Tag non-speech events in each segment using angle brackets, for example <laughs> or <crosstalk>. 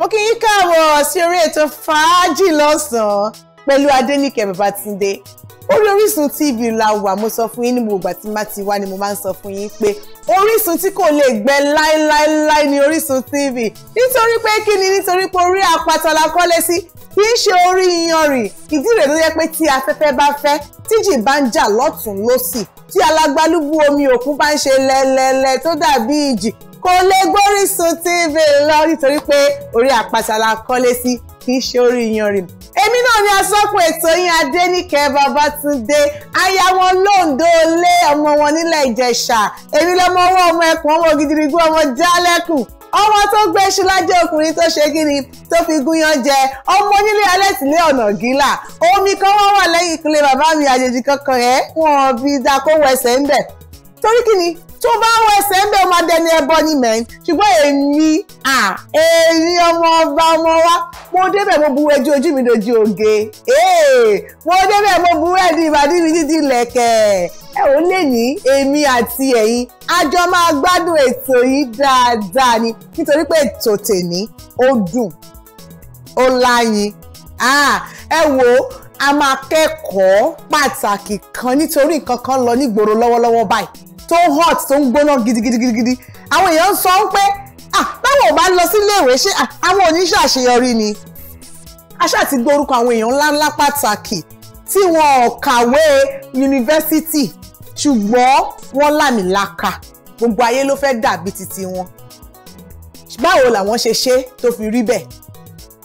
mo kí yín káàbọ̀ sí orí ètò fàájì lọ́sàn-án pẹ̀lú adéníkẹ́ babatúndé orí orísun tv la wà mo sọ fún yín ní gbogbo àti má ti wá ni mo máa ń sọ fún yín pé orísun tí kò lè gbẹ láéláéláé ni orísun tv nítorí pé kí ni nítorí pé orí àpáta la kọ́lé sí kì í ṣe orí iyanrìn ìdí rẹ̀ tó yẹ pé tí afẹ́fẹ́ bá fẹ́ tíjì bá ń jà lọ́tún lọ́sì tí alágbálúgbú omi òkun bá ń ṣe lẹ́lẹ́lẹ́ tó dàbí ìjì kò lè gbórísun tv lọ nítorí pé orí àpáta la kọ́lé sí kì í ṣe orí iyanrìn èmi náà ni asọ́kùn ètò yín adẹ́nìkẹ́ babatunde aya wọn lóńdó lé ọmọ wọn nílẹ̀ ìjẹ̀ṣà èmi lọmọ ọwọ́ ọmọ ẹkùn ọmọ gidigbó ọmọ jálẹ̀kùn ọmọ tó gbé iṣu ọkùnrin tó ṣe kí ni tó fi gúnyán jẹ ọmọ onílé alẹ́sìlẹ̀ ọ̀nà gíla omi kan wọ́n wà lẹ́yìn ìpínlẹ̀ bàbá mi àjèjì kankan ẹ̀ wọ́n bí dákó wẹsẹ̀ ń bẹ̀ torí kí ni tó bá ń wọ ẹsẹ̀ ń bẹ́ ọmọ adẹni ẹbọ ni mẹ́ ṣùgbọ́n èmi à èmi ọmọ ọba ọmọ wa mo débẹ̀ mo bu ẹjú ojú mi dojú oge mo débẹ̀ mo bu ẹ̀dí ìbàdí mi títí lẹ̀kẹ̀ ẹ ò lè ní èmi àti ẹ̀yin a jọ máa gbádùn ètò yìí dáadáa ni nítorí pé ètò tèmi ó dùn ó láyin ẹ wò ó a máa kẹ́kọ̀ọ́ pàtàkì kan nítorí nǹkan kan lọ nígboro lọ́wọ́lọ́wọ́ báyìí tó hot tó ń gbóná gidigidigidi àwọn èèyàn ń sọ pé báwọn ò bá lọ sí iléèwé ṣé àwọn oníṣẹ́ àṣeyọrí ni aṣá ti gbórúkọ àwọn èèyàn ńláńlá pàtàkì tí wọn ò kàwé yunifásítì ṣùgbọ́n wọ́n lámìlaka gbogbo ayé ló fẹ́ dàbí titi wọn báwo làwọn ṣe ṣe tó fi rí bẹ́ẹ̀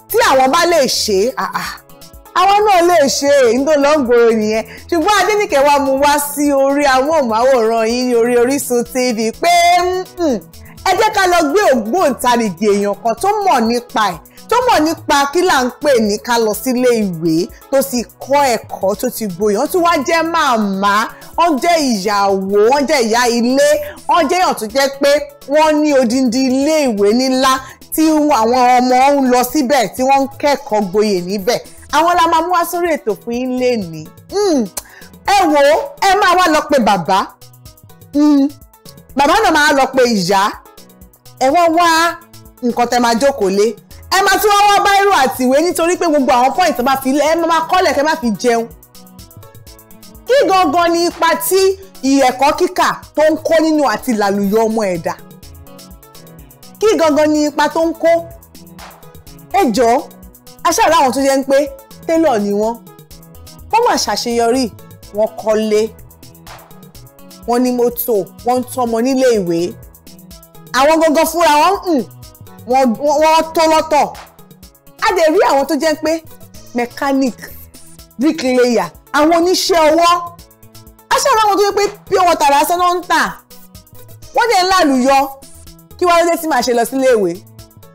tí àwọn bá lè ṣe àà àwọn náà lè ṣe èyí tó lọ́ngbòrò nìyẹn ṣùgbọ́n Adéníkẹ́ wa mú wá sí orí amóhùnmáwòrán yìí ní orí Orísun TV pé ẹ jẹ́ ká lọ gbé ògbóǹtarìgì èèyàn kan tó mọ̀ nípa ẹ̀ tó mọ̀ nípa kí là ń pè ní ká lọ sílé ìwé tó sì kọ́ ẹ̀kọ́ tó ti gboyè wọ́n tún wá jẹ́ màmá wọ́n jẹ́ ìyàwó wọ́n jẹ́ ìyá ilé wọ́n jẹ́ èèyàn tó jẹ́ pé wọ́n ní odindi ilé ìwé ńlá tí àwọn ọmọ ń lọ síbẹ̀ tí wọ́n ń kẹ́kọ̀ọ́ gboyè níbẹ̀ àwọn la máa mú wá sórí ètò fún yín lénìí hmm. ẹ wò ó ẹ máa wá lọ pé bàbá hmm. bàbá náà máa lọ pé ìyá ẹ wọ́n wá nǹkan tẹ́ máa jókòó lé ẹ máa tún wá wá báírò àti ìwé nítorí pé gbogbo àwọn pọ́ìntì tó bá fi lé ẹ máa kọ́lẹ̀ kẹ́ má fi jẹun kí gangan ni ipa tí ìyẹ̀kọ́ kíkà tó ń kó nínú àti làlùyọ ọmọ ẹ̀dá kí gangan ni ipa tó ń kó ẹ jọ̀ọ́ aṣáájú àwọn tó jẹ́ ń pé télọ̀ ni wọ́n wọ́n wà ṣàṣeyọrí wọ́n kọ́lé wọ́n ní mọ́tò wọ́n ń tọ́mọ nílé ìwé àwọn gangan fúnra wọn ń hmm, wọ́n tó lọ́tọ̀ a dẹ̀ rí àwọn tó jẹ́ pé mechanic bricklayer àwọn oníṣẹ́ ọwọ́ aṣáájú àwọn tó yẹ pé pure water lásán náà ń tà wọ́n dẹ̀ ń lálùyọ kí wọ́n lé tí màá ṣe lọ sílé ìwé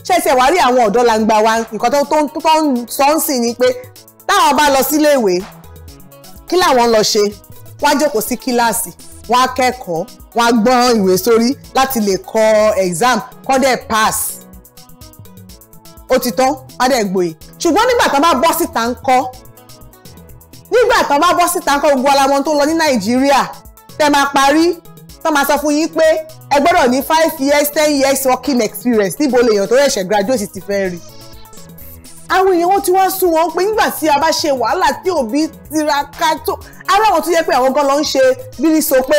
ṣẹ̀ṣẹ̀ wá rí àwọn ọ̀dọ́ langba wa nǹkan tó ń sọ ń sìn ni pé táwọn bá lọ sílé ìwé kí làwọn lọ ṣe wọ́n á jókòó sí kíláàsì wọ́n á kẹ́kọ̀ọ́ wọ́n á gbọ́n ìwé sórí láti lè kọ exam kọ́ pass ó ti tán á dẹ̀ gboyè ṣùgbọ́n nígbà tán bá bọ́ síta ń kọ́ nígbà tán bá bọ́ síta ń kọ́ gbogbo alamọ tó lọ ní nàìjíríà tẹ́ máa parí tán máa sọ fún yín pé ẹ gbọ́dọ̀ ní five years ten years working experience níbo lèèyàn tó rẹ̀ṣẹ̀ graduate ti fẹ́ rí i àwọn èèyàn wọn ti wá sún wọn pé nígbà tí a bá ṣe wàhálà tí òbí tiraka tó ara àwọn tó yẹ pé àwọn gan lọ ń ṣe bírí so pé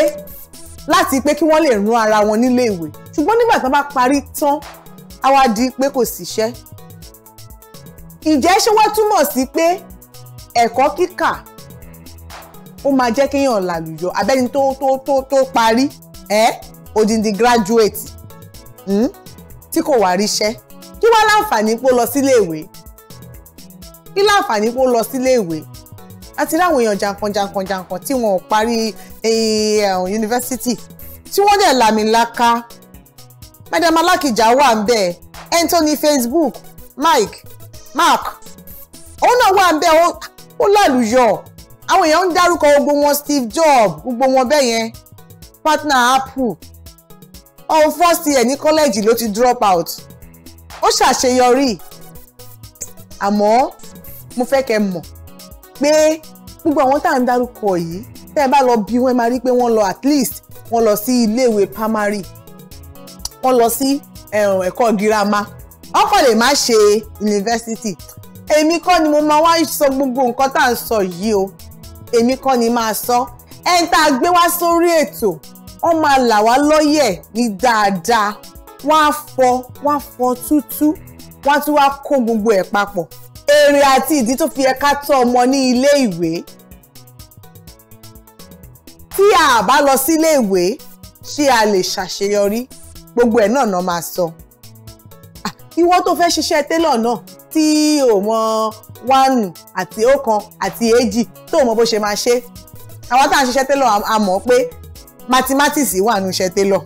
láti pé kí wọ́n lè rún ara wọn nílé ìwé ṣùgbọ́n nígbà tí wọ́n bá parí tán á wá di pé kò síṣẹ́ ìjẹ́ ṣé wá túmọ̀ sí pé ẹ̀kọ́ kíkà ó máa jẹ́ kéèyàn làlùyọ abẹ́ni tó tó tó tó parí ẹ̀ odindi graduate hmm, tí kò wá ríṣẹ́ kí wá láǹfààní pé ó lọ sílé ìwé kí láǹfààní kó lọ sílé ìwé àti láwọn èèyàn jàǹkàn jàǹkàn jàǹkàn tí wọn ò parí um, yunifásitì tí wọ́n dẹ̀ làmìlaka madam alákìjà wà ń bẹ̀ Anthony Facebook Mike Mark òun náà wà ń bẹ̀ ó lálùyọ̀ àwọn èèyàn ń dárúkọ gbogbo wọn Steve Jobs gbogbo wọn bẹ́ẹ̀ yẹn partner Apple ọ̀hún first year ní kọ́lẹ́ẹ̀jì ló ti drop out ó ṣàṣeyọrí àmọ́ mo fẹ́ kẹ́ mọ̀ pé gbogbo àwọn tá à ń dárúkọ yìí tẹ́ ẹ bá lọ bí wọ́n ẹ máa rí pé wọ́n lọ at least wọ́n lọ sí iléèwé primary wọ́n lọ sí eh, ẹ̀kọ́ girama ọkọ̀ lè má ṣe yunifásitì èmi kọ́ ni mo máa wá sọ gbogbo nǹkan tá à ń sọ yìí o èmi kọ́ ni máa sọ ẹni tá a gbé wá sórí ètò wọ́n máa là wá lọ́yẹ̀ ní dáadáa wọ́n á fọ wọ́n á fọ tútú wọ́n á tún wá kó gbogbo ẹ̀ papọ̀ èrè àti ìdí tó fi yẹ ká tọ́ ọmọ ní ilé ìwé tí a bá lọ sílé ìwé ṣé a lè ṣàṣeyọrí gbogbo ẹ̀ náà náà máa sọ ìwọ tó fẹ́ ṣiṣẹ́ télọ̀ náà tí o mọ wánù àti ọ̀kan àti èjì tó mọ bó ṣe máa ṣe àwọn tá à ń ṣiṣẹ́ télọ̀ a mọ̀ pé mathematics wà nù iṣẹ́ télọ̀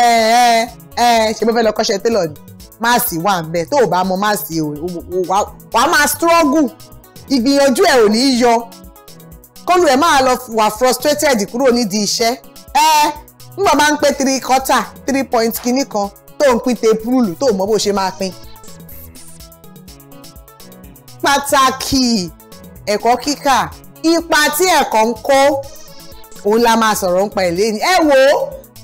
ẹ ẹ ẹ ṣe bó fẹ́ lọ kọ́ṣẹ́ télọ̀ ni máàsì wà ń bẹ tó o bá mọ máàsì wà á máa struggle ìgbìyànjú ẹ ò ní í yọ kọ́lù ẹ máa lọ wà frustrated kúrò nídìí iṣẹ́ ẹ nígbà máa ń pé three quarter three point kìíní kan tó ń pín tepúlù tó mọ bó ṣe máa pín pàtàkì ẹ̀kọ́ kíkà ipa tí ẹ̀kọ́ ń kó òun la máa sọ̀rọ̀ ń pa ẹ̀ lẹ́yìn ẹ wò ó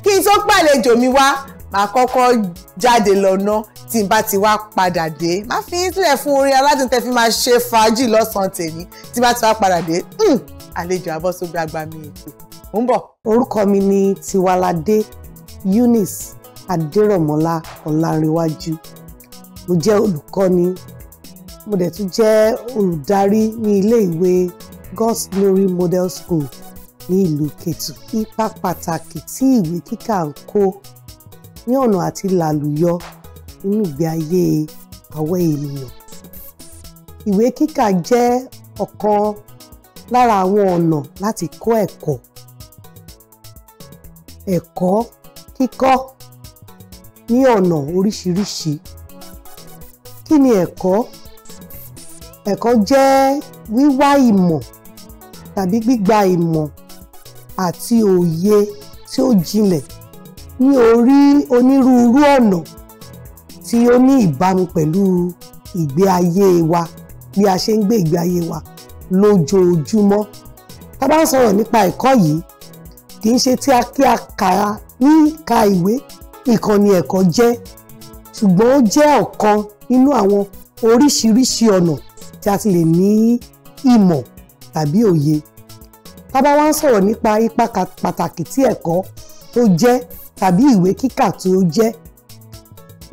kí n tó gbàlejò mi wá màá kọ́kọ́ jáde lọ ná tí n bá ti wá padà dé má fi yín sílẹ̀ fún orin aládùn tẹ́ fi máa ṣe fàájì lọ́sàn-án tèmi tí n bá ti wá padà dé hmm, àlejò abọ́sóbi àgbà mi ètò ò ń bọ̀. orúkọ mi ni Tiwaladé Eunice Adérọ̀mọ́lá Ọlárẹ̀wájú mo jẹ́ olùkọ́ni mo dẹ̀ tún jẹ́ olùdarí ní ilé God's Glory Model School ní ìlú Kétu ipa pàtàkì tí ìwé kíkà ń kó ní ọ̀nà àti làlùyọ nínú ìgbé ayé àwọn ènìyàn. Ìwé kíkà jẹ́ ọ̀kan lára àwọn ọ̀nà láti kọ́ ẹ̀kọ́. Ẹ̀kọ́ kíkọ́ ní ọ̀nà oríṣiríṣi. Kí ni ẹ̀kọ́? Ẹ̀kọ́ jẹ́ wíwá ìmọ̀ tàbí gbígba ìmọ̀ àti òye tí ó jinlẹ̀ ní orí onírúurú ọ̀nà tí ó ní ìbámu pẹ̀lú ìgbé ayé wa bí a ṣe ń gbé ìgbé ayé wa lójoojúmọ́ tá bá ń sọ̀rọ̀ nípa ẹ̀kọ́ yìí kì í ṣe tí a kí a kà á ní ka ìwé nìkan ni ẹ̀kọ́ jẹ́ ṣùgbọ́n ó jẹ́ ọ̀kan nínú àwọn oríṣiríṣi ọ̀nà tí a ti lè ní ìmọ̀ tàbí òye tá bá wá ń sọ̀rọ̀ nípa ipa pàtàkì tí ẹ̀kọ́ tó jẹ́ tàbí ìwé kíkà tó jẹ́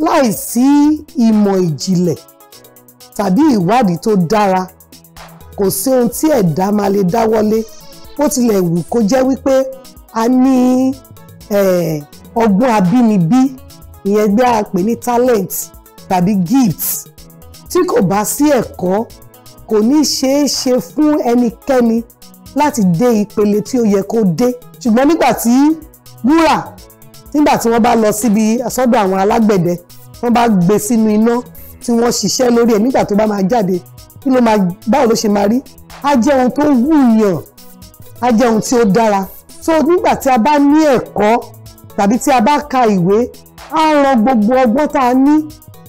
láìsí ìmọ̀ ìjìnlẹ̀ tàbí ìwádìí tó dára kò sí ohun tí ẹ̀dá máa lè dáwọ́lé bó tilẹ̀ wù kó jẹ́ wípé a ní ọgbọ́n abínibí ìyẹn gbé a pè ní talent tàbí gift tí kò bá sí ẹ̀kọ́ kò ní ṣeé ṣe fún ẹnikẹ́ni láti dé ìpele tí ó yẹ kó dé ṣùgbọ́n nígbà tí wúrà nígbà tí wọ́n bá lọ síbi sọ́dọ̀ àwọn alágbẹ̀dẹ wọ́n bá gbé sínú iná tí wọ́n ṣiṣẹ́ lórí ẹ̀ nígbà tó bá máa jáde kí ló máa báwo ló ṣe máa rí á jẹ́ ohun tó wúyàn á jẹ́ ohun tí ó dára so nígbà tí a bá ní ẹ̀kọ́ tàbí tí a bá ka ìwé á ran gbogbo ọgbọ́n tá a ní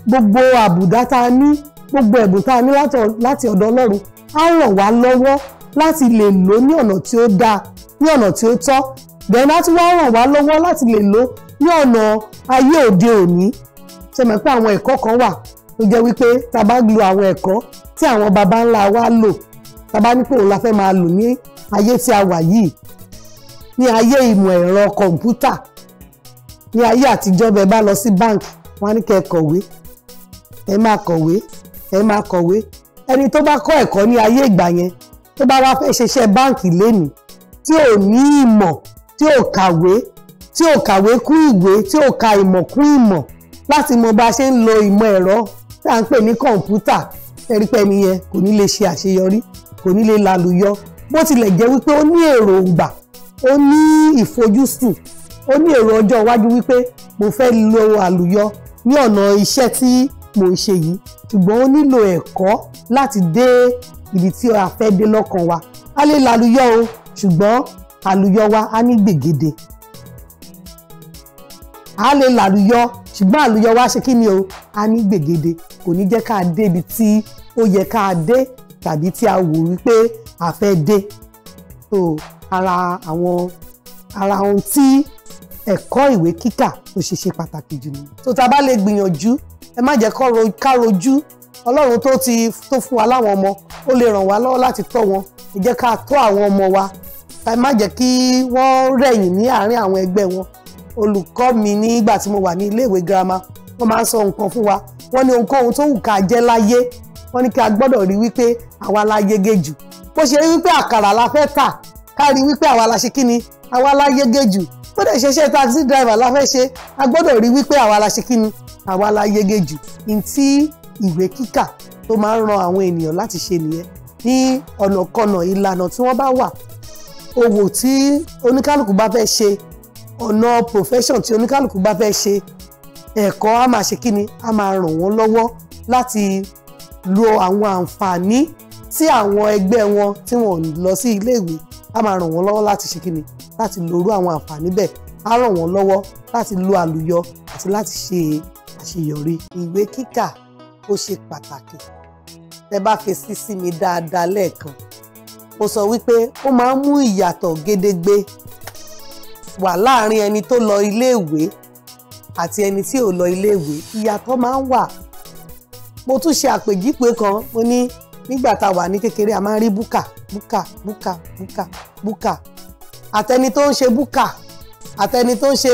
gbogbo àbùdá tá a ní gbogbo ẹ̀bùn tá a ní láti ọ̀dọ̀ Ọlọ́run á ràn wá lọ́wọ́ láti lè lò ní ọ̀nà tí ó dáa ní ọ̀nà tí ó tọ́ then á tún wá ràn wá lọ́wọ́ láti lè lò ní ọ̀nà ayé òde òní ṣe mọ̀ pé àwọn ẹ̀kọ́ kan wà tó jẹ́ wípé tá a bá lo àwọn ẹ̀kọ́ tí àwọn baba ńlá wa lò tá a bá ní pé òun la fẹ́ máa lò ní ayé tí a wà yìí ní ayé ìmọ̀ ẹ̀rọ kọ̀ǹpútà ní ayé àtijọ́ bẹ́ẹ̀ bá lọ sí bank wọ́n ní kẹ́ ẹ kọ̀wé ẹ máa kọ̀wé ẹ máa kọ̀wé ẹni tó bá kọ́ ẹ̀kọ́ ní ayé ìgbà yẹn tó bá wá fẹ́ ṣiṣẹ́ báǹkì lénìí tí ò ní ìmọ̀ tí ò kàwé tí ò kàwé kún ìwé tí ò ka ìmọ̀ kún ìmọ̀ láti mọ bá a ṣe ń lo ìmọ̀ ẹ̀rọ tí à ń pè ní kọ̀ǹpútà ẹ̀rípẹ́ nìyẹn kò ní lè ṣe àṣeyọrí kò ní lè lálùyọ bó tilẹ̀ jẹ́ wípé ó ní èròǹgbà ó ní ìfojúsùn ó ní èrò ọjọ́ iwájú wípé mo fẹ́ lo àlùyọ ní ọ̀nà iṣẹ́ tí mò ń ṣe yìí ṣùgbọ́n ó nílò ẹ̀kọ́ láti dé ibi tí a fẹ́ dé lọ́kàn wa a lè lálùyọ o ṣùgbọ́n àlùyọ wa á ní gbègede a lè lálùyọ ṣùgbọ́n àlùyọ wa ṣe kí ni o a ní gbègede kò ní jẹ́ ká dé ibi tí ó yẹ ká dé tàbí tí a wò wípé a fẹ́ dé so ara àwọn ara ohun tí ẹ̀kọ́ ìwé kíkà ó ṣe ṣe pàtàkì jù ní. tó tá a bá lè gbìyànjú ẹ má jẹ́ ká rojú ọlọ́run tó ti tó fún wa láwọn ọmọ ó lè ràn wá lọ́wọ́ láti tọ́ wọn ẹ jẹ́ ká tọ́ àwọn ọmọ wa ẹ má jẹ́ kí wọ́n rẹ̀yìn ní àárín àwọn ẹgbẹ́ wọn olùkọ́ mi nígbà tí mo wà ní iléèwé girama wọ́n máa ń sọ nǹkan fún wa wọ́n ní ohunkóhun tó wù ká jẹ́ láyé wọ́n ní kí a gbọ́dọ̀ rí wípé àwa la yege jù bó ṣe rí wípé àkàrà la fẹ́ tà ká rí wípé àwa la ṣe kíni àwa la yege jù ó dẹ̀ ṣe iṣẹ́ taxi driver la fẹ́ ṣe a gbọ́dọ̀ rí wípé àwa la ṣe kíni àwa la yege jù ní tí ìwé kíkà tó máa ń ran àwọn ènìyàn láti ṣe nìyẹn ní ọ̀nàkọnà ìlànà tí wọ́n bá wà owó tí oníkálukú bá fẹ́ ṣe ọ̀nà profession tí oníkálukú bá fẹ́ ṣe ẹ̀kọ́ a máa ṣe kíni a máa ràn wọ́n lọ́wọ́ láti lo àwọn àǹfààní tí àwọn ẹgbẹ́ wọn tí wọ́n lọ sí ilé ìwé á máa ràn wọ́n lọ́wọ́ láti ṣe kíni láti lorú àwọn àǹfààní bẹ́ẹ̀ á ràn wọ́n lọ́wọ́ láti lo àlùyọ àti láti ṣe àṣeyọrí. ìwé kíkà ó ṣe pàtàkì tẹ́ bá fèsì sí mi dáadáa lẹ́ẹ̀kan mo sọ wípé ó máa ń mú ìyàtọ̀ gédégbé wà láàárín ẹni tó lọ iléèwé àti ẹni tí ò lọ iléèwé ìyàtọ̀ máa ń wà mo tún ṣe àpèjípè kan mo ní nígbà tá a wà ní kékeré a máa ń rí búkà búkà búkà búkà búkà àtẹni tó ń ṣe búkà àtẹni tó ń ṣe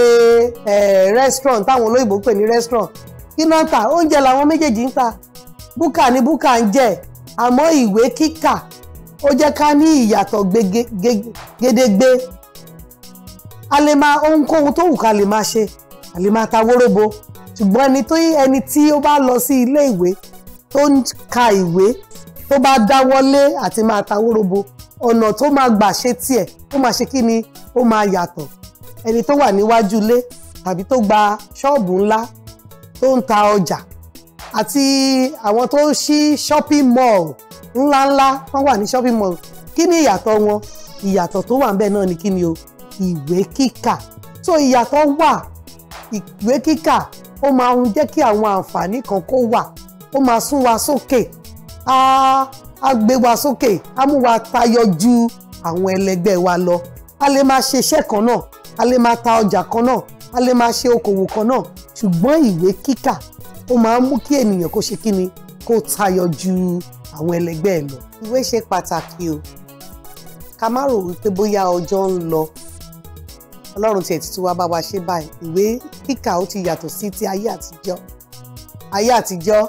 restaurant táwọn olóyìnbó pè ní restaurant kí ló ń ta oúnjẹ làwọn méjèèjì ń ta búkà ni búkà ń jẹ àmọ́ ìwé kíkà ó jẹ́ ká ní ìyàtọ̀ gedegbe a lè máa ohunkóhun tó wù ká lè máa ṣe a lè máa ta wóróbo ṣùgbọ́n ẹni tí ó bá lọ sí ilé ìwé tó ń ka ìwé tó bá dáwọ́lé àti máa ta wórobo ọ̀nà tó máa gbà ṣe tiẹ̀ tó máa ṣe kí ni ó máa yàtọ̀ ẹni tó wà níwájú ilé tàbí tó gba ṣọ́ọ̀bù ńlá tó ń ta ọjà àti àwọn tó ń ṣí shopping mall ńláńlá wọ́n wà ní shopping mall kí ni ìyàtọ̀ wọn ìyàtọ̀ tó wà ńbẹ̀ náà ni kí ni o ìwé kíkà so ìyàtọ̀ wà ìwé kíkà ó máa ń jẹ́ kí àwọn àǹfààní kan kó wà ó máa sún wa sókè. So á á gbé wa sókè á mú wa tayọ ju àwọn ẹlẹgbẹ́ wa lọ a lè máa ṣe iṣẹ́ kan náà a lè máa ta ọjà kan náà a lè máa ṣe okòwò kan náà ṣùgbọ́n ìwé kíkà ó máa ń mú kí ènìyàn kó ṣe kíni kó tayọ ju àwọn ẹlẹgbẹ́ lọ. ìwé ṣe pàtàkì o ká má rò wípé bóyá ọjọ́ ń lọ ọlọ́run tiẹ̀ tuntun wá bá wa ṣe báyìí ìwé kíkà ó ti yàtọ̀ sí ti ayé àtijọ́ ayé àtijọ́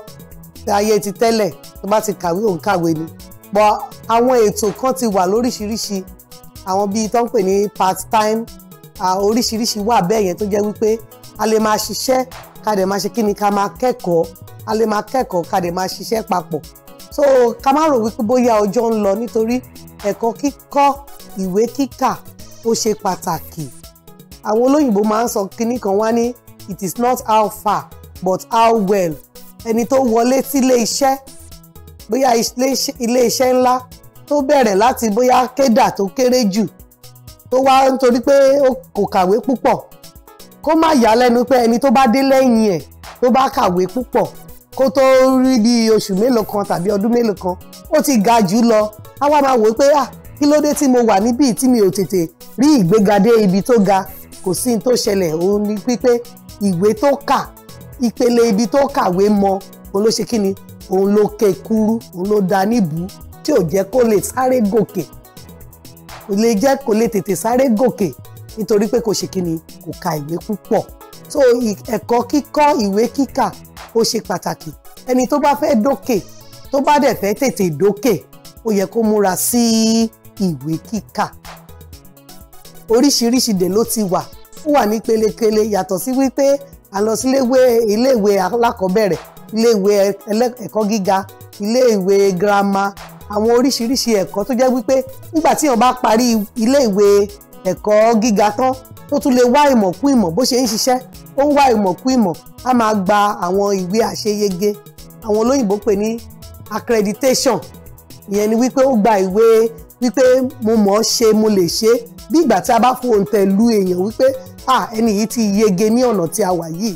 ti ayé ti tẹ́lẹ̀ tó bá ti kàwé òun kàwé ni pọ̀ àwọn ètò kan ti wà lóríṣiríṣi àwọn bíi tó ń pè ní part time oríṣiríṣi wà bẹ́ẹ̀ yẹn tó jẹ́ wípé a lè máa ṣiṣẹ́ ká dẹ̀ máa ṣe kí ni ká máa kẹ́kọ̀ọ́ a lè máa kẹ́kọ̀ọ́ ká dẹ̀ máa ṣiṣẹ́ papọ̀ so ká má rò wípé bóyá ọjọ́ ń lọ nítorí ẹ̀kọ́ kíkọ́ ìwé kíkà ó ṣe pàtàkì àwọn olóyìnbó máa ń sọ kinní kan wá ní it is not how far but how well ẹni tó wọlé sílé iṣẹ́ bóyá iléeṣẹ́ ńlá tó bẹ̀rẹ̀ láti bóyá kédà tó kéré jù tó wá nítorí pé kò kàwé púpọ̀ kó má yà lẹ́nu pé ẹni tó bá dé lẹ́yìn ẹ̀ tó bá kàwé púpọ̀ kó tó rí bí oṣù mélòó kan tàbí ọdún mélòó kan ó ti ga jù lọ á wá máa wò pé à ah, kí ló dé tí mo wà níbí tí mi ò tètè rí ìgbéga dé ibi tó ga kò sí ní tó ṣẹlẹ̀ òun ni pípé ìwé tó kà ìpele ibi tó kàwé mọ òun ni òun ló ké kúrú òun ló da níbù tí ò jẹ́ kó lè sáré gòkè kò lè jẹ́ kó lè tètè sáré gòkè nítorí pé kò ṣe kí ni kò ka ìwé púpọ̀ so ẹ̀kọ́ kíkọ́ ìwé kíkà ó ṣe pàtàkì ẹni tó bá fẹ́ dókè tó bá dẹ̀ fẹ́ tètè dókè ó yẹ kó múra sí ìwé kíkà oríṣiríṣi dè ló ti wà ó wà ní pelekele yàtọ̀ sí wípé a iléèwé alákọ̀ọ́bẹ̀rẹ̀ iléèwé ẹ̀kọ́ gíga iléèwé girama àwọn oríṣiríṣi ẹ̀kọ́ tó jẹ́ wípé nígbà tí èèyàn bá parí iléèwé ẹ̀kọ́ gíga tán tó tún lè wá ìmọ̀ kún ìmọ̀ bó ṣe ń ṣiṣẹ́ ó ń wá ìmọ̀ kún ìmọ̀ á máa gba àwọn ìwé àṣeyege àwọn olóyìnbó pè ní accreditation ìyẹn ni wípé ó gba ìwé wípé mo mọ̀ ọ́ ṣe mo lè ṣe bí ìgbà tí a bá fún òǹtẹ̀ lu èèyàn wípé ah ẹni yìí ti yege ní ọ̀nà tí a wà yìí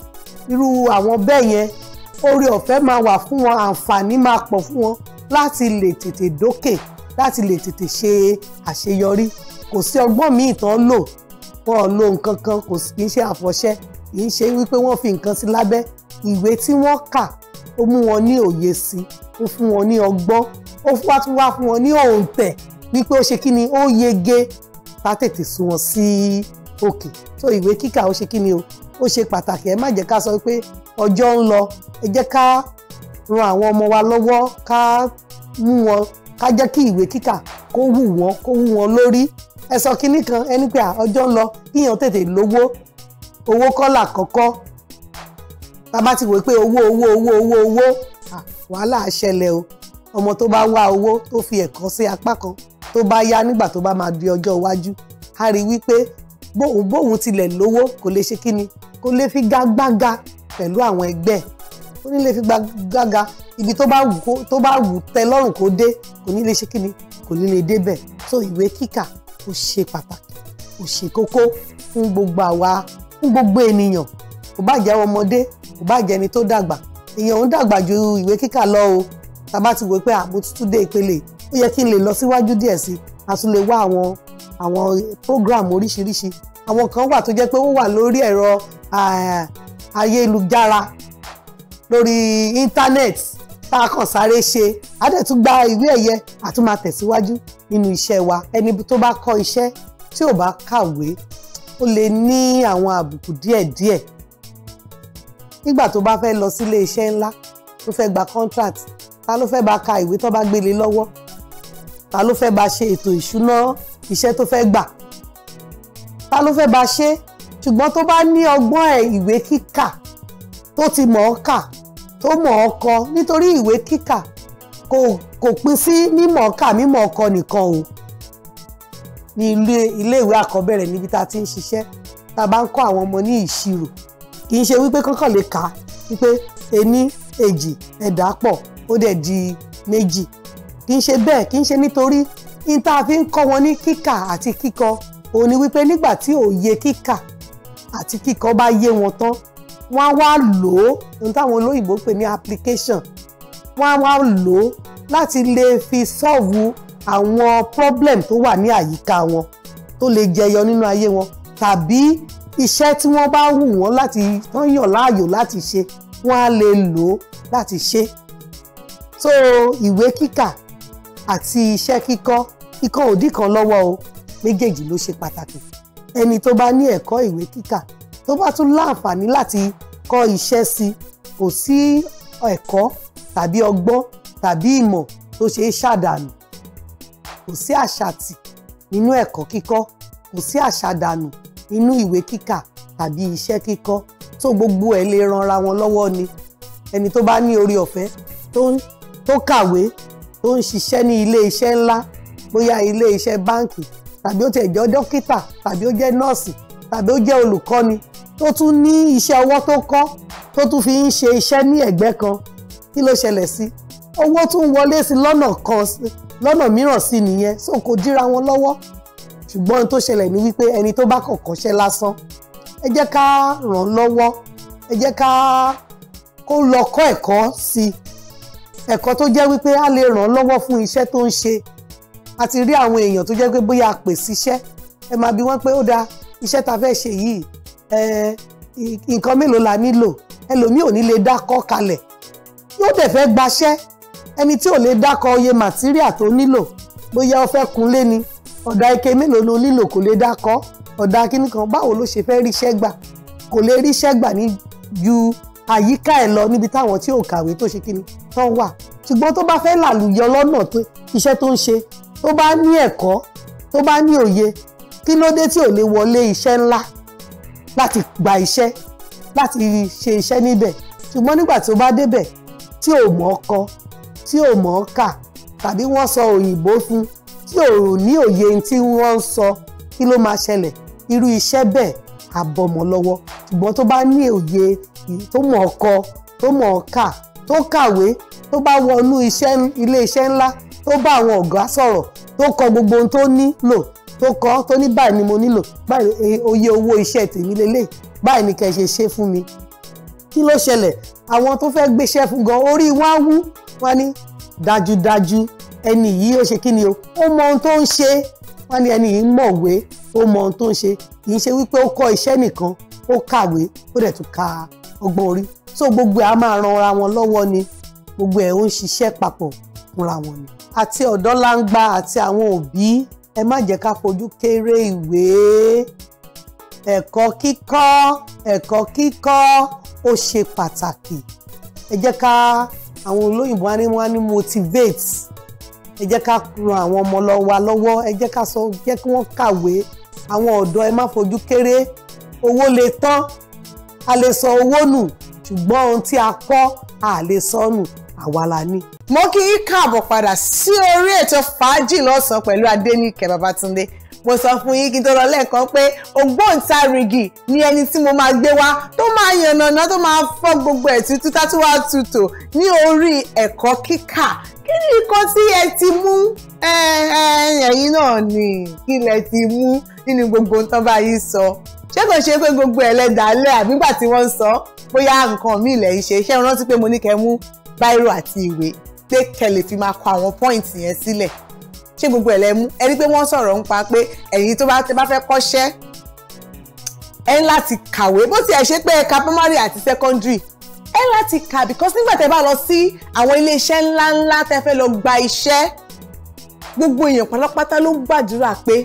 irú àwọn bẹ́ẹ̀ yẹn oore ọ̀fẹ́ máa wà fún wọn àǹfààní máa pọ̀ fún wọn láti lè tètè dókè láti lè tètè ṣe àṣeyọrí kò sí ọgbọ́n míì tán lò wọn ò lo nǹkan kan kò kì í ṣe àfọ̀ṣẹ kì í ṣe wípé wọ́n fi nǹkan sí lábẹ́ ìwé tí wọ́n kà ó mú wọn ní òye sí ó fún wọn ní ọgbọ́n ó wá tún wá fún wọn ní òǹtẹ̀ wípé ó ṣe kí ni ó yege tá tètè sún wọn sí òkè tó ìwé kíkà ó ṣe kí ni o ó ṣe pàtàkì ẹ má jẹ́ ká sọ pé ọjọ́ ń lọ ẹ jẹ́ ká ran àwọn ọmọ wa lọ́wọ́ ká mú wọn ká jẹ́ kí ìwé kíkà kó wù wọ́n kó wù wọ́n lórí ẹ sọ kínní kan ẹni pé ọjọ́ ń lọ kíyàn tètè lówó owó kọ́là kọ́kọ́ bàbá ti wò pé owó owó owó owó owó wàhálà ṣẹlẹ̀ o ọmọ tó bá wá owó tó fi ẹ̀kọ́ sí apá kan tó bá yá nígbà tó bá máa di ọjọ́ iwájú a rí wípé bóun bóun tilẹ̀ lówó kò lè ṣe kí ni kò lè fi gbágbága pẹ̀lú àwọn ẹgbẹ́ ẹ̀ ó ní lè fi gbágbága ibi tó bá wù tó lọ́rùn kó dé kò ní lè ṣe kíni kò ní lè débẹ̀ so ìwé kíkà ó ṣe pàtàkì ó ṣe kókó fún gbogbo àwa fún gbogbo ènìyàn kò bá jẹ́ ọmọdé kò bá jẹ́ ẹni tó dàgbà èèyàn ń dàgbà ju ìwé kíkà lọ o tá bá ti wò pé àbò tuntun dé ìpele ó yẹ kí n lè lọ síwájú díẹ̀ sí a tún lè wá àwọn àwọn program oríṣiríṣi àwọn kan wà tó jẹ́ pé ó wà lórí ẹ̀rọ Eh, ayélujára lórí íńtánẹ́ẹ̀tì tá a kàn sáré ṣe a dẹ̀ tún gba ìwé ẹ̀yẹ a tún máa tẹ̀síwájú nínú iṣẹ́ wa ẹni tó bá kọ́ iṣẹ́ tí ò bá kàwé ó lè ní àwọn àbùkù díẹ̀díẹ̀ nígbà tó bá fẹ́ lọ sílé iṣẹ́ ńlá tó fẹ́ gba contract ta ló fẹ́ bá ka ìwé tó bá gbélé lọ́wọ́ ta ló fẹ́ bá ṣe ètò ìṣúná iṣẹ́ tó fẹ́ gbà ta ló fẹ́ bá ṣe ṣùgbọ́n tó bá ní ọgbọ́n ẹ̀ ìwé kíkà tó ti mọ̀ ọ́ kà tó mọ̀ ọ́ kọ nítorí ìwé kíkà kò kò pín sí mímọ̀ ọ́ kà mímọ̀ ọ́ kọ nìkan o ní ilé iléèwé àkọ́bẹ̀rẹ̀ níbi tá a ti ń ṣiṣẹ́ tá a bá ń kọ́ àwọn ọmọ ní ìṣirò kì í ṣe wípé kọ́kàn lè kà á wípé ení èjì ẹ̀dá pọ̀ ó dẹ̀ di méjì kì í ṣe bẹ́ẹ̀ kì í ṣe nítorí ní tá a fi ń kọ́ wọn ní kíkà àti kíkọ òun ni wípé nígbà tí òye kíkà àti kíkọ bá yé wọn tán wọ́n á wá lò ó ohun táwọn olóyìnbó pè ní application wọ́n á wá lò ó láti lè fi sọ́ọ̀wù àwọn problem tó wà ní àyíká wọn tó lè jẹyọ nínú ayé wọn tàbí iṣẹ́ tí wọ́n bá wù wọ́n láti tán yàn láàyò láti ṣe wọ́n á lè lò ó láti ṣe. so ìwé kíkà àti iṣẹ́ kíkọ́ kíkọ́ òdì kan lọ́wọ́ o méjèèjì ló ṣe pàtàkì ẹni tó bá ní ẹ̀kọ́ ìwé kíkà tó bá tún láǹfààní láti kọ́ iṣẹ́ sí kò sí ẹ̀kọ́ tàbí ọgbọ́n tàbí ìmọ̀ tó ṣe é ṣàdànù kò sí àṣàtì nínú ẹ̀kọ́ kíkọ́ kò sí àṣàdànù nínú ìwé kíkà tàbí iṣẹ́ kíkọ́ tó gbogbo ẹ̀ lè ranra wọn lọ́wọ́ ni ẹni tó bá ní orí ọ̀fẹ́ tó kàwé tó ń ṣiṣẹ́ ní ilé iṣẹ́ ńlá bóyá ilé iṣẹ́ báǹkì tàbí ó tiẹ̀ jẹ́ dókítà tàbí ó jẹ́ nọ́ọ̀sì tàbí ó jẹ́ olùkọ́ni tó tún ní iṣẹ́ ọwọ́ tó kọ́ tó tún fi ń ṣe iṣẹ́ ní ẹ̀gbẹ́ kan kí ló ṣẹlẹ̀ sí owó tún wọlé sí lọ́nà kan lọ́nà mìíràn sí nìyẹn so kò dira wọn lọ́wọ́ ṣùgbọ́n tó ṣẹlẹ̀ ní wípé ẹni tó bá kọ̀kọ́ṣẹ́ lásán ẹ jẹ́ ká ràn lọ́wọ́ ẹ jẹ́ ká kó lọ kọ́ ẹ̀kọ́ sí ẹ̀kọ́ tó jẹ́ wípé a lè ràn lọ́wọ́ fún iṣẹ́ tó ń ṣe a ti rí àwọn èèyàn tó jẹ́ pé bóyá a pè síṣẹ́ ẹ máa bi wọ́n pé ó dáa iṣẹ́ ta fẹ́ ṣe yìí nǹkan mélòó la nílò ẹlòmíì ò ní lè dákọ́ kalẹ̀ yóò dẹ̀ fẹ́ gbaṣẹ́ ẹni tí ò lè dákọ́ iye màtíríà tó nílò bóyá ó fẹ́ kunlé ni ọ̀dà ike mélòó ló nílò kò lè dákọ́ ọ̀dà kíní kan báwo ló ṣe fẹ́ ríṣẹ́ gbà kò lè ríṣẹ́ gbà ní ju àyíká ẹ̀ lọ níbi táwọn tí ò kàwé tó ṣe kíni tán wà ṣùgbọ́n tó bá fẹ́ làlùyọ lọ́nà iṣẹ́ tó ń ṣe tó bá ní ẹ̀kọ́ tó bá ní òye kí ló dé tí ò lè wọlé iṣẹ́ ńlá láti gba iṣẹ́ láti ṣe iṣẹ́ níbẹ̀ ṣùgbọ́n nígbà tó bá débẹ̀ tí ò mọ̀ ọ́ kọ tí ò mọ̀ ọ́ kà tàbí wọ́n sọ òyìnbó fún tí ò ní òye tí wọ́n ń sọ kí ló máa ṣẹlẹ̀ irú iṣẹ́ bẹ́ẹ̀ àbọ̀mọ̀ lọ́wọ́ ṣùgbọ́n tó bá ní òye tó mọ̀ ọ́ tó mọ̀ ọ́ tó kàwé tó bá wọnú ilé iṣẹ́ ńlá tó bá àwọn ọ̀gá sọ̀rọ̀ tó kọ gbogbo ohun tó nílò tó kọ tó ní báyìí ni mo nílò báyìí eh, oye owó iṣẹ́ tèmi lélẹ̀ báyìí ni kẹ́ ṣe ṣe fún mi kí ló ṣẹlẹ̀ àwọn tó fẹ́ gbéṣẹ́ fún gan orí wọn á wú wọn ní dájúdájú ẹni yìí ó ṣe kí ni o ó mọ ohun tó ń ṣe wọn ní ẹni yìí mọ̀wé ó mọ ohun tó ń ṣe kì í ṣe wípé ó kọ́ iṣẹ́ nìkan ó kàwé ó dẹ̀ tún ka ọgbọ́n orí so gbogbo ẹ̀ á máa ran ara wọn lọ́wọ́ ni gbogbo ẹ̀ ó ń ṣiṣẹ́ papọ̀ fúnra wọn ni. àti ọ̀dọ́ langba àti àwọn òbí ẹ má jẹ́ ká fojú kéré ìwé ẹ̀kọ́ kíkọ́ ẹ̀kọ́ kíkọ́ ó ṣe pàtàkì ẹ jẹ́ ká àwọn olóyìnbó á ní wọ́n á ní motivate ẹ jẹ́ ká ran àwọn ọmọ lọ wa lọ́wọ́ ẹ jẹ́ ká sọ jẹ́ kí wọ́n kàwé àwọn ọ̀dọ́ ẹ má fojú kéré owó lè tán a lè sọ owó nù ṣùgbọ́n ohun tí a kọ́ a lè sọ nù àwa la ní. mo kí í káàbọ̀ padà sí orí ètò fàájì lọ́sàn-án pẹ̀lú adéníkẹ́ babatunde mo sọ fún yín kí n tó lọ lẹ́ẹ̀kan pé ògbóǹtarìgì ni ẹni tí mo máa gbé wá tó máa yànnàná tó máa fọ́ gbogbo ẹ̀ tútú tátúwá tutù ní orí ẹ̀kọ́ kíkà kí ni nǹkan tí ẹ ti mú ẹ̀yin náà ni kí lẹ ti mú nínú gbogbo nǹkan báyìí sọ ṣé kò ṣe pé gbogbo ẹ̀lẹ́dàálẹ̀ àbígbà tí wọ́n ń sọ bóyá nǹkan míì lẹ̀ ń ṣe ṣé rántí pé mo ní kẹ́ mú báírò àti ìwé pé kẹlẹ̀ fi máa kọ àwọn pọ́ìntì yẹn sílẹ̀ ṣé gbogbo ẹ̀ lẹ mú ẹni pé wọ́n sọ̀rọ̀ ń pa pé ẹ̀yin tó bá fẹ́ kọ́ṣẹ́ ẹ ń láti kàwé bó ti ẹ̀ ṣe pé ẹ̀ka primary àti secondary ẹ láti kà because nígbà tẹ́ bá lọ sí àwọn iléeṣẹ́ ńláńlá tẹ́ fẹ́ lọ gba iṣẹ́ gbogbo èèyàn pátápátá ló ń gbàdúrà pé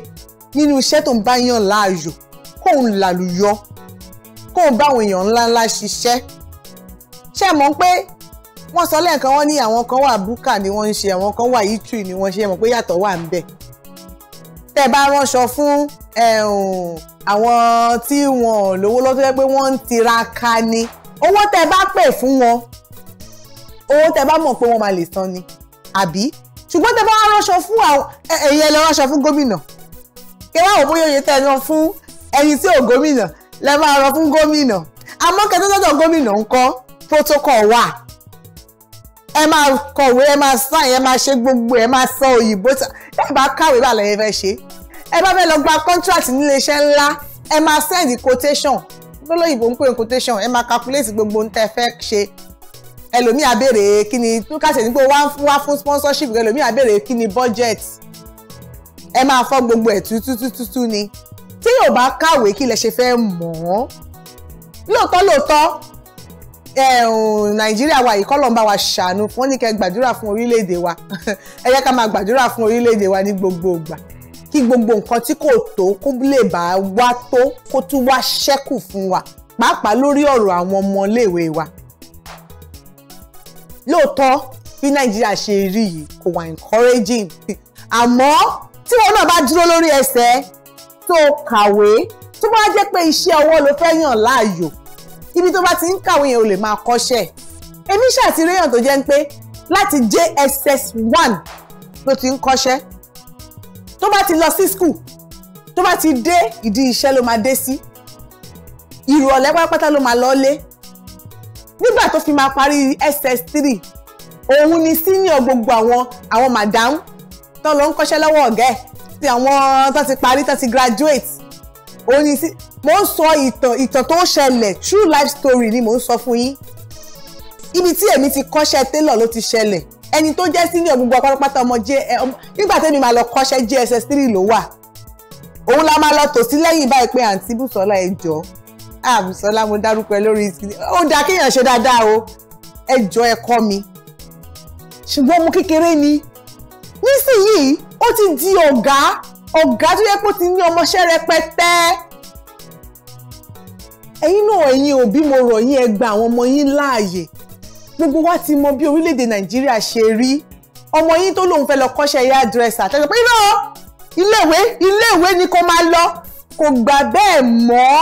nínú iṣẹ́ tó ń bá yàn láàyò kóun làlùyọ kóun bá àwọn èèyàn ńláńlá ṣiṣẹ́ ṣe mọ̀ pé wọ́n sọ lẹ́ẹ̀kan wọ́n ní àwọn kan wà búkà ni wọ́n ń ṣe àwọn kan wà itri ni wọ́n ṣe mọ̀ pé yàtọ̀ wà ń bẹ̀ tẹ́ bá ránṣọ fún àwọn tí wọn ò lówó lọ́tọ́ jẹ́ pé wọ́n ń tiraka ni owó tẹ́ bá pè fún wọn owó tẹ́ bá mọ̀ pé wọ́n máa lè san ni àbí ṣùgbọ́n tẹ́ bá ránṣọ fún ẹ̀yin ẹlẹ́ ránṣọ fún gómìnà kí wọ́n wò bóyá oyè tẹ́ ẹ fún ẹni tí ò gómìnà lẹ́ máa rọ fún gómìnà àmọ́ kẹ́tẹ́tẹ́tọ̀ gómìnà ńkọ́ protocol wà ẹ máa kọ̀wé ẹ máa sáìn ẹ máa ṣe gbogbo ẹ máa sọ òyìnbó tà ẹ bá kàwé bá lẹ́yìn fẹ́ ṣe ẹ bá fẹ́ lọ gba contract nílé iṣẹ́ ńlá ẹ máa send quotation lọ́lọ́yìnbó ń pè ní quotation ẹ máa calculate gbogbo ohun tẹ́ fẹ́ ṣe ẹlòmíà béèrè kí ni túkàṣe nígbà wá fún sponsorship ẹlòmíà béèrè kí ni budget ẹ máa fọ gbogbo ẹ̀ tútútútú ni tí yóò bá kàwé kí lẹ ṣe fẹ́ mọ̀ ọ́ lóòótọ́ lóòótọ́ nàìjíríà wa yìí kọ́lọ̀ ń bá wa ṣàánú wọ́n ní kẹ́ gbàdúrà fún orílẹ̀-èdè wa <laughs> ẹ yẹ ká máa gbàdúrà fún orílẹ̀-èdè wa ní gbogbo ìgbà kí gbogbo nǹkan tí kò tó kó lè bá wa tó kó tún wá ṣẹ́kù fún wa pàápàá lórí ọ̀rọ̀ àwọn ọmọléèwé wa lóòótọ́ bí nàìjíríà ṣe rí yìí kò wá encouraging <laughs> àmọ́ tí wọn náà bá dúró lórí ẹsẹ̀ tó kàwé tó bá jẹ́ pé iṣẹ́ ọwọ́ ló fẹ́ yàn láàyò ibi tó bá ti ń kàwé yẹn o lè máa kọ́ṣẹ́ èmi ṣàtìrẹ́yàn tó jẹ́ ń pé láti JSS one ló ti ń kọ́ṣẹ́ tó bá ti lọ sí school tó bá ti dé ìdí iṣẹ́ ló máa dé sí ìrọ̀lẹ́ pátápátá ló máa lọ́ọ́lé nígbà tó fi máa parí SS3 òun ni senior gbogbo àwọn àwọn madam tó lọ ń kọ́ṣẹ́ lọ́wọ́ ọ̀gá ẹ̀ tí àwọn tó ti parí tó ti graduate òun ni mo ń sọ ìtàn ìtàn tó ṣẹlẹ̀ true life story ni mo ń sọ fún yín ibi tí èmi ti kọ́ṣẹ́ tailor ló ti ṣẹlẹ̀ ẹni tó jẹ́ senior gbogbo apátápátá ọmọ jẹ́ nígbà tẹ́mi máa lọ kọ́ṣẹ́ JSS three ló wà òun la máa lọ tò sí lẹ́yìn báyìí pé àǹtí Bùsọ́lá ẹ jọ àbùsọ́lá mo dárúkọ ẹ lórí ìsìnkú ó dáa kéèyàn ṣe dáadáa o ẹ jọ ẹ kọ́ mi ṣùgbọ́n ọmọ kékeré ni nísìnyìí ó ti di ọ̀gá ọ̀gá tó yẹ kó ti ní ọmọṣẹ́ rẹpẹtẹ ẹ̀yin náà ẹ̀yin òbí mo rọ̀ yín ẹ gba àwọn ọmọ yín láàyè gbogbo wa ti mọ bí orílẹ̀-èdè nàìjíríà ṣe rí ọmọ yín tó lóun fẹ́ lọ kọ́ṣẹ́ yá dírẹ́sà tẹ́lẹ̀ pé iná iléèwé iléèwé ni kò máa lọ kò gbà bẹ́ẹ̀ mọ́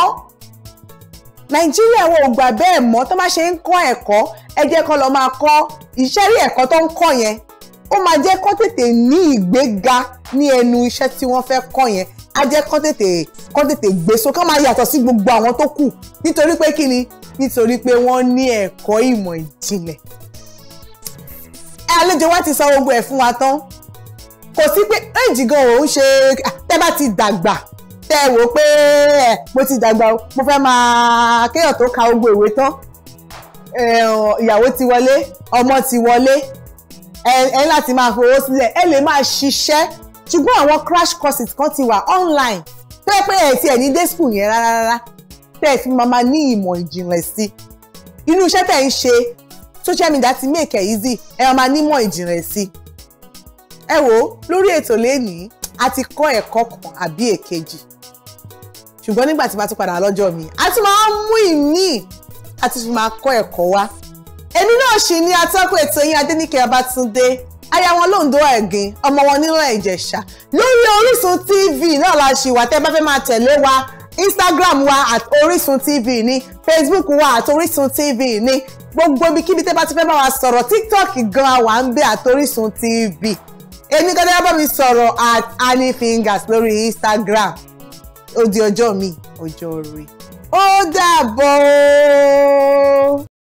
nàìjíríà wo ò gbà bẹ́ẹ̀ mọ́ tó má ṣe ń kọ́ ẹ̀kọ́ ẹ jẹ́ kó lọ máa kọ́ ìṣẹ́rí ẹ̀kọ́ tó ń kọ́ yẹn ó máa jẹ́ kán tètè ní ìgbéga ní ẹnu iṣẹ́ tí wọ́n fẹ́ kọ́ yẹn á jẹ́ kán tètè kán tètè gbé so kán máa yàtọ̀ sí gbogbo àwọn tó kù nítorí pé kí ni nítorí pé wọ́n ní ẹ̀kọ́ ìmọ̀ ìjìnlẹ̀ àlejò wa ti sọ gbogbo ẹ̀ fún wa tán kò sí pé èjì gan ò ń ṣe tẹ́ bá ti dàgbà tẹ́ ẹ wò pé mo ti dàgbà mo fẹ́ máa kéèyàn tó ka gbogbo ìwé tán ìyàwó ti wọlé ọmọ ti wọlé ẹ láti máa fowó sílẹ̀ ẹ lè máa ṣiṣẹ́ ṣùgbọ́n àwọn crash courses kan ti wà online pé pé ẹ ti ẹ̀ ní dé school yẹn rárá rárá tẹ́ ẹ fi máa máa ní ìmọ̀ ìjìnlẹ̀ sí inú iṣẹ́ tẹ́ ń ṣe social media ti make it easy ẹ máa nímọ̀ ìjìnlẹ̀ sí ẹ wo lórí ètò lẹ́nìí a ti kọ́ ẹ̀kọ́ kan àbí èkejì ṣùgbọ́n nígbà tí màá tún padà lọ́jọ́ mi a tún máa mú ìmíì a tún fi máa kọ́ ẹ̀kọ́ wá èmi náà sì ni atọ́kùn ètò yín adéníkẹ́ ọbátúndé aya wọn lóńdó ẹ̀gìn ọmọ wọn nílò ìjẹ̀ṣà lórí orísun tv náà la ṣì wà tẹ́ bá fẹ́ máa tẹ̀lé wa instagram wa at orísun tv ni facebook wa at orísun tv ni gbogbo ibikíbi tẹ́ bá ti fẹ́ bá wa sọ̀rọ̀ tiktok gan wà ń bẹ at orísun tv èmi kan tẹ́ bá mi sọ̀rọ̀ at annie fingers lórí instagram ó di ọjọ́ mi ọjọ́ rẹ̀ ó dàbọ̀.